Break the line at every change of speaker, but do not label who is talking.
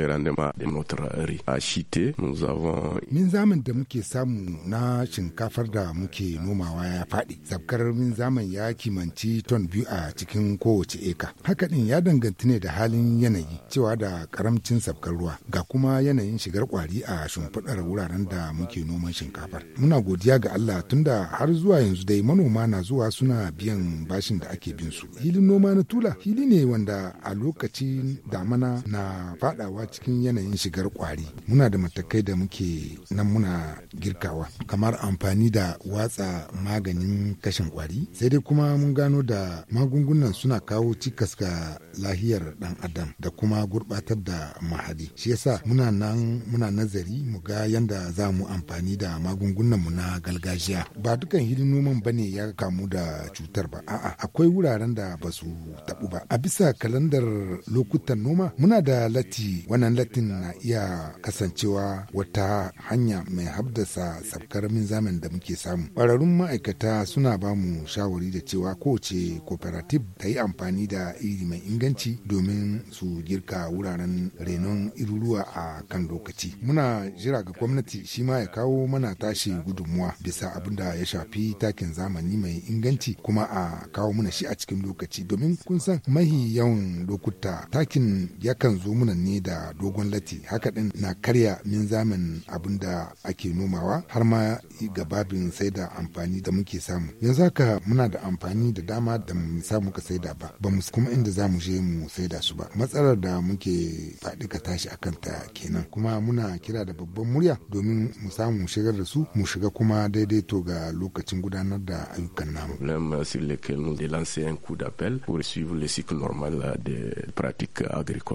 le rendement de notre riz. A Chité, nous avons. da muke samu na shinkafar da muke nomawa ya faɗi. Zabkar min minzamin ya kimanci ton biyu a cikin kowace eka. Haka ɗin ya danganci ne da halin yanayi cewa da karamcin sabkar ruwa ga kuma yanayin shigar kwari a shimfiɗar wuraren da muke noman shinkafar. Muna godiya ga Allah tunda har zuwa yanzu dai manoma na zuwa suna biyan bashin da ake bin su. Hilin noma na tula hili ne wanda a lokacin damana na faɗawa cikin yanayin shigar kwari muna da matakai da muke nan muna girkawa kamar amfani da watsa maganin kashin kwari sai dai kuma mun gano da magungunan suna kawo cikas ga lahiyar dan adam da kuma gurbatar da mahadi shi yasa muna nan muna nazari mu ga yanda za mu amfani da magungunan mu na galgajiya. ba dukan hidin noman bane ya kamu da cutar ba a'a akwai wuraren da ba su tabu ba a bisa kalandar lokutan noma muna da lati wani wannan latin na iya kasancewa wata hanya mai haddasa sabkar zamani da muke samu ƙwararrun ma'aikata suna ba mu shawari da cewa kowace cooperative ta yi amfani da iri mai inganci domin su girka wuraren renon iruruwa a kan lokaci muna jira ga gwamnati shi ma ya kawo mana tashi gudunmuwa bisa abin da ya shafi takin zamani mai inganci kuma a kawo mana shi a cikin lokaci domin kun san mahi yawan lokuta takin yakan zo muna ne da a dogon lati haka din na karya min zamin abin da ake nomawa har ma ga sai da amfani da muke samu yanzu haka muna da amfani da dama da mu samu ka saida ba ba mu kuma inda za mu je mu saida su ba matsalar da muke faɗi ka tashi akan ta kenan kuma muna kira da babban murya domin mu samu shigar da su mu shiga kuma daidai to ga lokacin gudanar da ayyukan namu. Problème sur lequel nous lancer un coup d'appel pour suivre le cycle normal des pratiques agricoles.